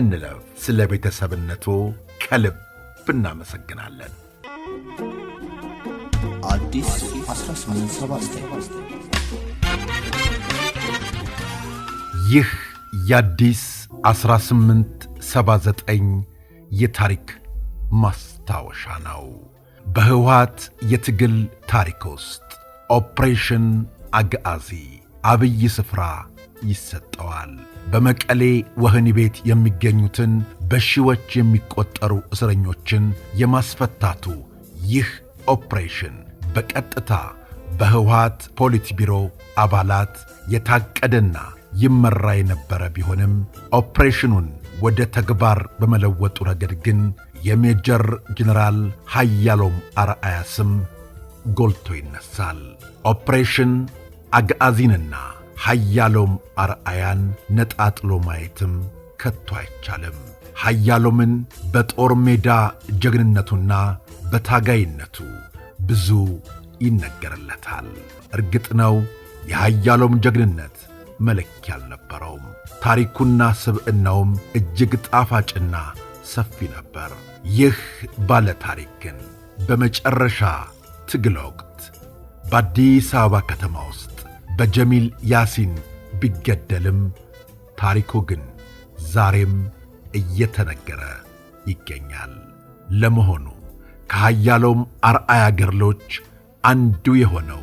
እንለፍ። ስለ ቤተሰብነቱ ከልብ እናመሰግናለን። ይህ የአዲስ 1879 የታሪክ ማስታወሻ ነው። በህወሓት የትግል ታሪክ ውስጥ ኦፕሬሽን አግአዚ አብይ ስፍራ ይሰጠዋል። በመቀሌ ወህኒ ቤት የሚገኙትን በሺዎች የሚቆጠሩ እስረኞችን የማስፈታቱ ይህ ኦፕሬሽን በቀጥታ በህወሓት ፖሊት ቢሮ አባላት የታቀደና ይመራ የነበረ ቢሆንም ኦፕሬሽኑን ወደ ተግባር በመለወጡ ረገድ ግን የሜጀር ጀነራል ሀያሎም አርአያ ስም ጎልቶ ይነሳል። ኦፕሬሽን አግአዚንና ሀያሎም አርአያን ነጣጥሎ ማየትም ከቶ አይቻልም። ሀያሎምን በጦር ሜዳ ጀግንነቱና በታጋይነቱ ብዙ ይነገርለታል። እርግጥ ነው የሀያሎም ጀግንነት መለኪያ አልነበረውም። ታሪኩና ስብዕናውም እጅግ ጣፋጭና ሰፊ ነበር። ይህ ባለ ታሪክ ግን በመጨረሻ ትግል ወቅት በአዲስ አበባ ከተማ ውስጥ በጀሚል ያሲን ቢገደልም ታሪኩ ግን ዛሬም እየተነገረ ይገኛል። ለመሆኑ ከሃያሎም አርአያ ገድሎች አንዱ የሆነው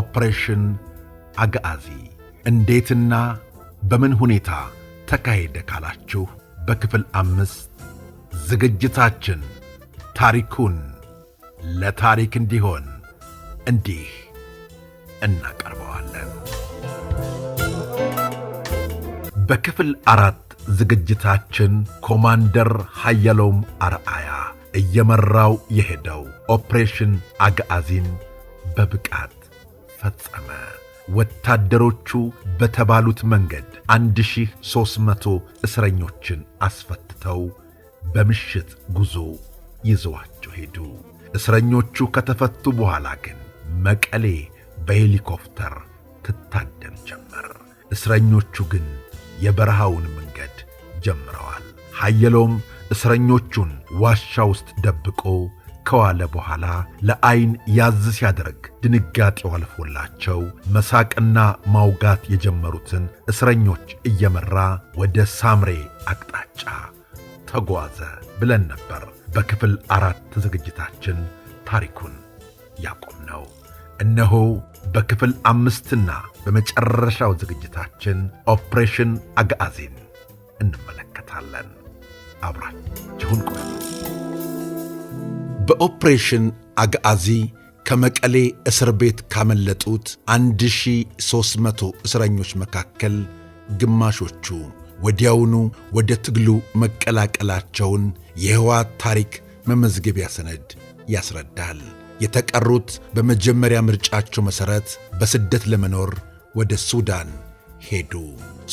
ኦፕሬሽን አጋአዚ እንዴትና በምን ሁኔታ ተካሄደ ካላችሁ በክፍል አምስት ዝግጅታችን ታሪኩን ለታሪክ እንዲሆን እንዲህ እናቀርበዋለን። በክፍል አራት ዝግጅታችን ኮማንደር ሀየሎም አርአያ እየመራው የሄደው ኦፕሬሽን አግአዚን በብቃት ፈጸመ። ወታደሮቹ በተባሉት መንገድ 1300 እስረኞችን አስፈትተው በምሽት ጉዞ ይዘዋቸው ሄዱ። እስረኞቹ ከተፈቱ በኋላ ግን መቀሌ በሄሊኮፕተር ትታደን ጀመር። እስረኞቹ ግን የበረሃውን መንገድ ጀምረዋል። ሐየሎም እስረኞቹን ዋሻ ውስጥ ደብቆ ከዋለ በኋላ ለዐይን ያዝ ሲያደርግ ድንጋጤው አልፎላቸው መሳቅና ማውጋት የጀመሩትን እስረኞች እየመራ ወደ ሳምሬ አቅጣጫ ተጓዘ ብለን ነበር በክፍል አራት ዝግጅታችን ታሪኩን ያቆም ነው። እነሆ በክፍል አምስትና በመጨረሻው ዝግጅታችን ኦፕሬሽን አጋዜን እንመለከታለን። አብራችሁን ቆዩ። በኦፕሬሽን አግአዚ ከመቀሌ እስር ቤት ካመለጡት 1300 እስረኞች መካከል ግማሾቹ ወዲያውኑ ወደ ትግሉ መቀላቀላቸውን የሕወሓት ታሪክ መመዝገቢያ ሰነድ ያስረዳል። የተቀሩት በመጀመሪያ ምርጫቸው መሠረት በስደት ለመኖር ወደ ሱዳን ሄዱ።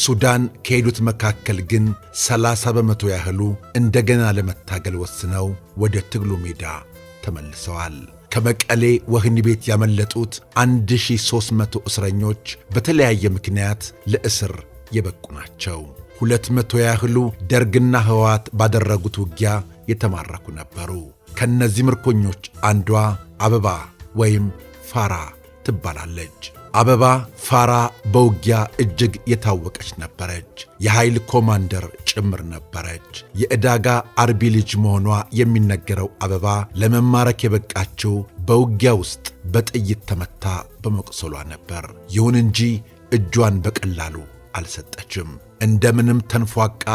ሱዳን ከሄዱት መካከል ግን 30 በመቶ ያህሉ እንደገና ለመታገል ወስነው ወደ ትግሉ ሜዳ ተመልሰዋል። ከመቀሌ ወህኒ ቤት ያመለጡት 1300 እስረኞች በተለያየ ምክንያት ለእስር የበቁ ናቸው። ሁለት መቶ ያህሉ ደርግና ህወሓት ባደረጉት ውጊያ የተማረኩ ነበሩ። ከእነዚህ ምርኮኞች አንዷ አበባ ወይም ፋራ ትባላለች። አበባ ፋራ በውጊያ እጅግ የታወቀች ነበረች። የኃይል ኮማንደር ጭምር ነበረች። የዕዳጋ አርቢ ልጅ መሆኗ የሚነገረው አበባ ለመማረክ የበቃችው በውጊያ ውስጥ በጥይት ተመታ በመቁሰሏ ነበር። ይሁን እንጂ እጇን በቀላሉ አልሰጠችም። እንደምንም ተንፏቃ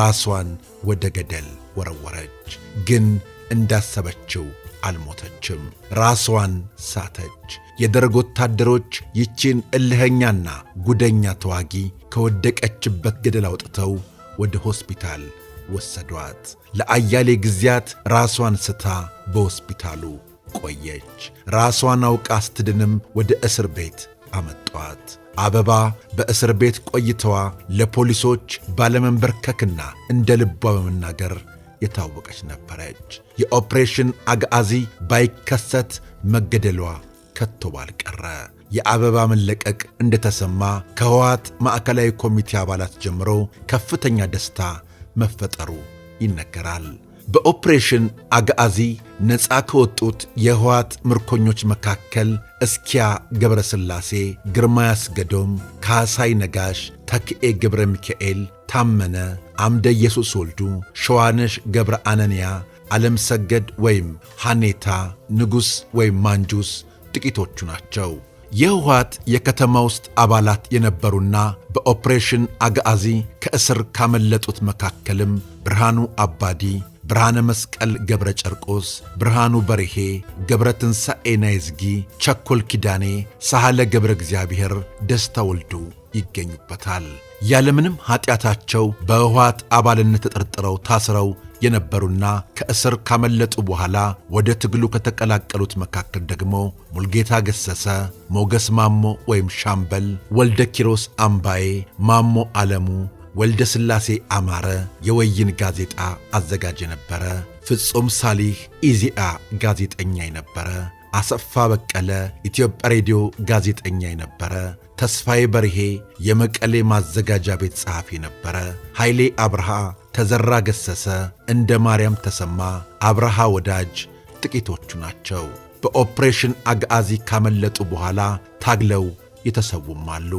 ራሷን ወደ ገደል ወረወረች። ግን እንዳሰበችው አልሞተችም፣ ራሷን ሳተች። የደርግ ወታደሮች ይቺን እልኸኛና ጉደኛ ተዋጊ ከወደቀችበት ገደል አውጥተው ወደ ሆስፒታል ወሰዷት። ለአያሌ ጊዜያት ራሷን ስታ በሆስፒታሉ ቆየች። ራሷን አውቃ ስትድንም ወደ እስር ቤት አመጧት። አበባ በእስር ቤት ቆይተዋ ለፖሊሶች ባለመንበርከክና እንደ ልቧ በመናገር የታወቀች ነበረች። የኦፕሬሽን አግአዚ ባይከሰት መገደሏ ከቶ ባልቀረ የአበባ መለቀቅ እንደተሰማ ከህወሓት ማዕከላዊ ኮሚቴ አባላት ጀምሮ ከፍተኛ ደስታ መፈጠሩ ይነገራል። በኦፕሬሽን አግአዚ ነፃ ከወጡት የህወሓት ምርኮኞች መካከል እስኪያ ገብረ ሥላሴ፣ ግርማ ያስገዶም፣ ካሳይ ነጋሽ፣ ተክኤ ገብረ ሚካኤል፣ ታመነ አምደ ኢየሱስ ወልዱ፣ ሸዋነሽ ገብረ አነንያ፣ ዓለም ሰገድ ወይም ሐኔታ፣ ንጉሥ ወይም ማንጁስ ጥቂቶቹ ናቸው። የህወሓት የከተማ ውስጥ አባላት የነበሩና በኦፕሬሽን አጋዚ ከእስር ካመለጡት መካከልም ብርሃኑ አባዲ፣ ብርሃነ መስቀል ገብረ ጨርቆስ፣ ብርሃኑ በርሄ፣ ገብረ ትንሣኤ ናይዝጊ፣ ቸኮል ኪዳኔ፣ ሳህለ ገብረ እግዚአብሔር፣ ደስታ ወልዱ ይገኙበታል። ያለምንም ኃጢአታቸው በህወሓት አባልነት ተጠርጥረው ታስረው የነበሩና ከእስር ካመለጡ በኋላ ወደ ትግሉ ከተቀላቀሉት መካከል ደግሞ ሙልጌታ ገሰሰ፣ ሞገስ ማሞ ወይም ሻምበል፣ ወልደ ኪሮስ አምባዬ፣ ማሞ ዓለሙ፣ ወልደ ሥላሴ አማረ የወይን ጋዜጣ አዘጋጅ የነበረ፣ ፍጹም ሳሊህ ኢዚአ ጋዜጠኛ የነበረ፣ አሰፋ በቀለ ኢትዮጵያ ሬዲዮ ጋዜጠኛ የነበረ ተስፋዬ በርሄ የመቀሌ ማዘጋጃ ቤት ጸሐፊ ነበረ። ኃይሌ አብርሃ፣ ተዘራ ገሰሰ፣ እንደ ማርያም ተሰማ፣ አብርሃ ወዳጅ ጥቂቶቹ ናቸው። በኦፕሬሽን አግአዚ ካመለጡ በኋላ ታግለው የተሰውም አሉ።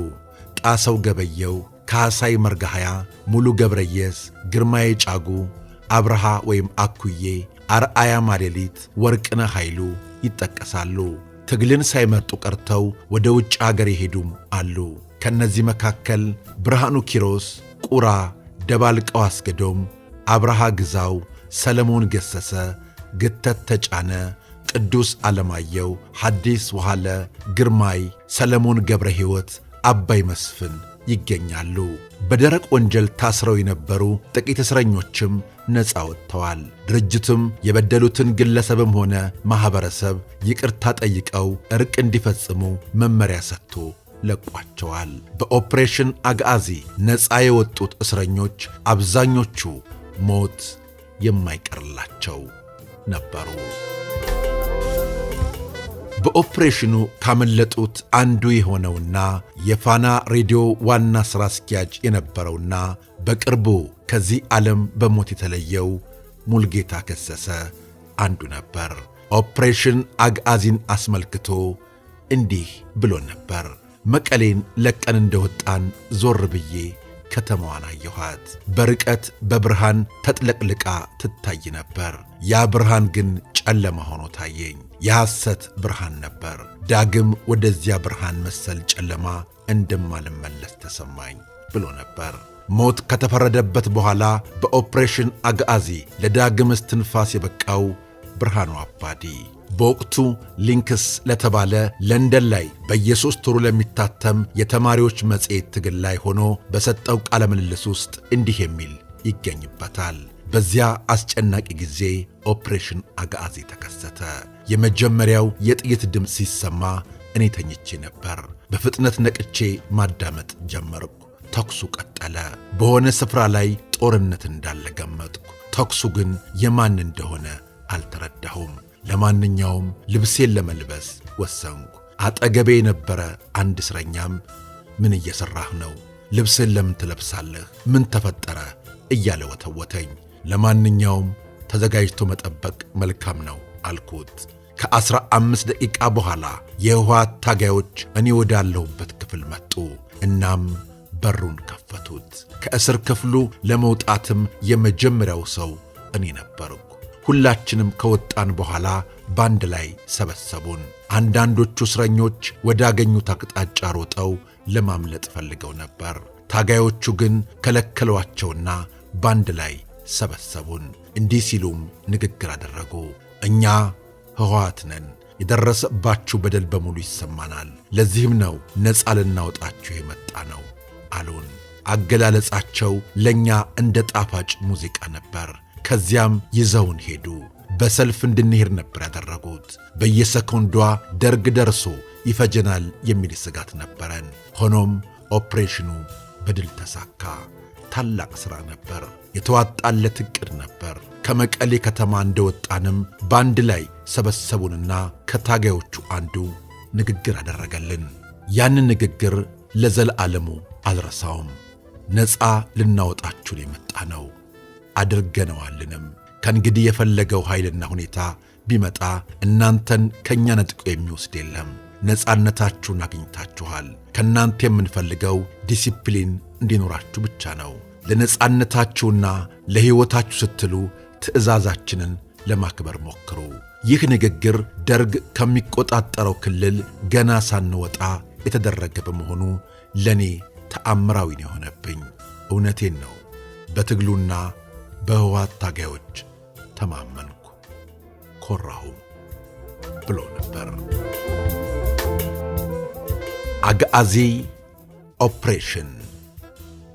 ጣሰው ገበየው፣ ካህሳይ መርጋሃያ፣ ሙሉ ገብረየስ፣ ግርማዬ ጫጉ፣ አብርሃ ወይም አኩዬ፣ አርአያ ማሌሊት፣ ወርቅነ ኃይሉ ይጠቀሳሉ። ትግልን ሳይመርጡ ቀርተው ወደ ውጭ አገር የሄዱም አሉ። ከእነዚህ መካከል ብርሃኑ ኪሮስ፣ ቁራ ደባልቀው፣ አስገዶም፣ አብርሃ ግዛው፣ ሰለሞን ገሰሰ፣ ግተት ተጫነ፣ ቅዱስ አለማየው ሐዲስ ውሃለ፣ ግርማይ፣ ሰለሞን ገብረ ሕይወት፣ አባይ መስፍን ይገኛሉ። በደረቅ ወንጀል ታስረው የነበሩ ጥቂት እስረኞችም ነፃ ወጥተዋል። ድርጅቱም የበደሉትን ግለሰብም ሆነ ማኅበረሰብ ይቅርታ ጠይቀው ዕርቅ እንዲፈጽሙ መመሪያ ሰጥቶ ለቋቸዋል። በኦፕሬሽን አግአዚ ነፃ የወጡት እስረኞች አብዛኞቹ ሞት የማይቀርላቸው ነበሩ። በኦፕሬሽኑ ካመለጡት አንዱ የሆነውና የፋና ሬዲዮ ዋና ሥራ አስኪያጅ የነበረውና በቅርቡ ከዚህ ዓለም በሞት የተለየው ሙልጌታ ከሰሰ አንዱ ነበር። ኦፕሬሽን አግአዚን አስመልክቶ እንዲህ ብሎ ነበር። መቀሌን ለቀን እንደወጣን ዞር ብዬ ከተማዋን አየኋት። በርቀት በብርሃን ተጥለቅልቃ ትታይ ነበር። ያ ብርሃን ግን ጨለማ ሆኖ ታየኝ። የሐሰት ብርሃን ነበር። ዳግም ወደዚያ ብርሃን መሰል ጨለማ እንደማልመለስ ተሰማኝ ብሎ ነበር። ሞት ከተፈረደበት በኋላ በኦፕሬሽን አግአዚ ለዳግም እስትንፋስ የበቃው ብርሃኑ አባዲ በወቅቱ ሊንክስ ለተባለ ለንደን ላይ በየሦስት ወሩ ለሚታተም የተማሪዎች መጽሔት ትግል ላይ ሆኖ በሰጠው ቃለ ምልልስ ውስጥ እንዲህ የሚል ይገኝበታል። በዚያ አስጨናቂ ጊዜ ኦፕሬሽን አጋዚ ተከሰተ። የመጀመሪያው የጥይት ድምፅ ሲሰማ እኔ ተኝቼ ነበር። በፍጥነት ነቅቼ ማዳመጥ ጀመርኩ። ተኩሱ ቀጠለ። በሆነ ስፍራ ላይ ጦርነት እንዳለ ገመጥኩ። ተኩሱ ግን የማን እንደሆነ አልተረዳሁም። ለማንኛውም ልብሴን ለመልበስ ወሰንኩ። አጠገቤ የነበረ አንድ እስረኛም ምን እየሠራህ ነው? ልብስን ለምን ትለብሳለህ? ምን ተፈጠረ? እያለ ወተወተኝ። ለማንኛውም ተዘጋጅቶ መጠበቅ መልካም ነው አልኩት። ከአስራ አምስት ደቂቃ በኋላ የህወሓት ታጋዮች እኔ ወዳለሁበት ክፍል መጡ። እናም በሩን ከፈቱት። ከእስር ክፍሉ ለመውጣትም የመጀመሪያው ሰው እኔ ነበርኩ። ሁላችንም ከወጣን በኋላ በአንድ ላይ ሰበሰቡን። አንዳንዶቹ እስረኞች ወዳገኙት አቅጣጫ ሮጠው ለማምለጥ ፈልገው ነበር። ታጋዮቹ ግን ከለከሏቸውና በአንድ ላይ ሰበሰቡን። እንዲህ ሲሉም ንግግር አደረጉ። እኛ ሕወሓት ነን። የደረሰባችሁ በደል በሙሉ ይሰማናል። ለዚህም ነው ነፃ ልናወጣችሁ የመጣ ነው አሉን። አገላለጻቸው ለእኛ እንደ ጣፋጭ ሙዚቃ ነበር። ከዚያም ይዘውን ሄዱ። በሰልፍ እንድንሄድ ነበር ያደረጉት። በየሰኮንዷ ደርግ ደርሶ ይፈጀናል የሚል ስጋት ነበረን። ሆኖም ኦፕሬሽኑ በድል ተሳካ። ታላቅ ሥራ ነበር። የተዋጣለት ዕቅድ ነበር። ከመቀሌ ከተማ እንደወጣንም በአንድ ላይ ሰበሰቡንና ከታጋዮቹ አንዱ ንግግር አደረገልን። ያንን ንግግር ለዘለዓለሙ አልረሳውም። ነፃ ልናወጣችሁን የመጣ ነው አድርገነዋልንም። ከእንግዲህ የፈለገው ኃይልና ሁኔታ ቢመጣ እናንተን ከእኛ ነጥቆ የሚወስድ የለም ነፃነታችሁን አግኝታችኋል። ከእናንተ የምንፈልገው ዲሲፕሊን እንዲኖራችሁ ብቻ ነው። ለነፃነታችሁና ለሕይወታችሁ ስትሉ ትዕዛዛችንን ለማክበር ሞክሩ። ይህ ንግግር ደርግ ከሚቆጣጠረው ክልል ገና ሳንወጣ የተደረገ በመሆኑ ለእኔ ተአምራዊ ነው የሆነብኝ። እውነቴን ነው። በትግሉና በሕወሓት ታጋዮች ተማመንኩ፣ ኮራሁም ብሎ ነበር። አጋዚ ኦፕሬሽን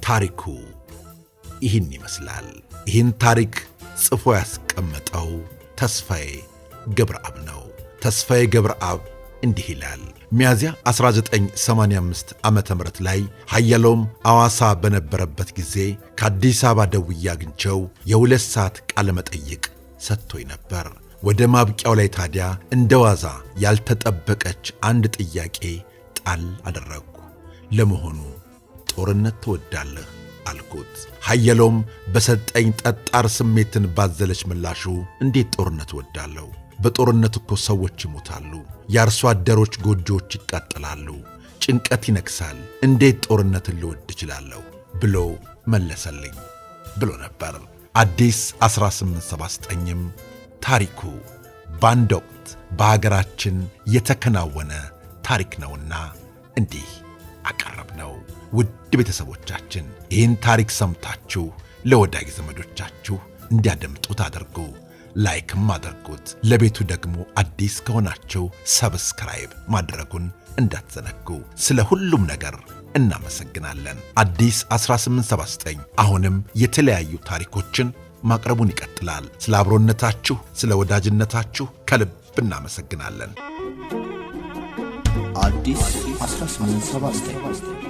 ታሪኩ ይህን ይመስላል። ይህን ታሪክ ጽፎ ያስቀመጠው ተስፋዬ ገብረአብ ነው። ተስፋዬ ገብረአብ እንዲህ ይላል። ሚያዝያ 1985 ዓ ም ላይ ሀያሎም አዋሳ በነበረበት ጊዜ ከአዲስ አበባ ደውዬ አግኝቸው የሁለት ሰዓት ቃለ መጠይቅ ሰጥቶኝ ነበር። ወደ ማብቂያው ላይ ታዲያ እንደ ዋዛ ያልተጠበቀች አንድ ጥያቄ ጣል አደረግኩ። ለመሆኑ ጦርነት ትወዳለህ አልኩት። ሀየሎም በሰጠኝ ጠጣር ስሜትን ባዘለች ምላሹ እንዴት ጦርነት እወዳለሁ? በጦርነት እኮ ሰዎች ይሞታሉ፣ የአርሶ አደሮች ጎጆዎች ይቃጠላሉ፣ ጭንቀት ይነግሣል። እንዴት ጦርነትን ልወድ እችላለሁ? ብሎ መለሰልኝ ብሎ ነበር። አዲስ 1879ም ታሪኩ በአንድ ወቅት በሀገራችን የተከናወነ ታሪክ ነውና እንዲህ አቀረብ ነው። ውድ ቤተሰቦቻችን ይህን ታሪክ ሰምታችሁ ለወዳጅ ዘመዶቻችሁ እንዲያደምጡት አድርጉ። ላይክም አድርጉት። ለቤቱ ደግሞ አዲስ ከሆናችሁ ሰብስክራይብ ማድረጉን እንዳትዘነጉ። ስለ ሁሉም ነገር እናመሰግናለን። አዲስ 1879 አሁንም የተለያዩ ታሪኮችን ማቅረቡን ይቀጥላል። ስለ አብሮነታችሁ፣ ስለ ወዳጅነታችሁ ከልብ እናመሰግናለን። አዲስ 1879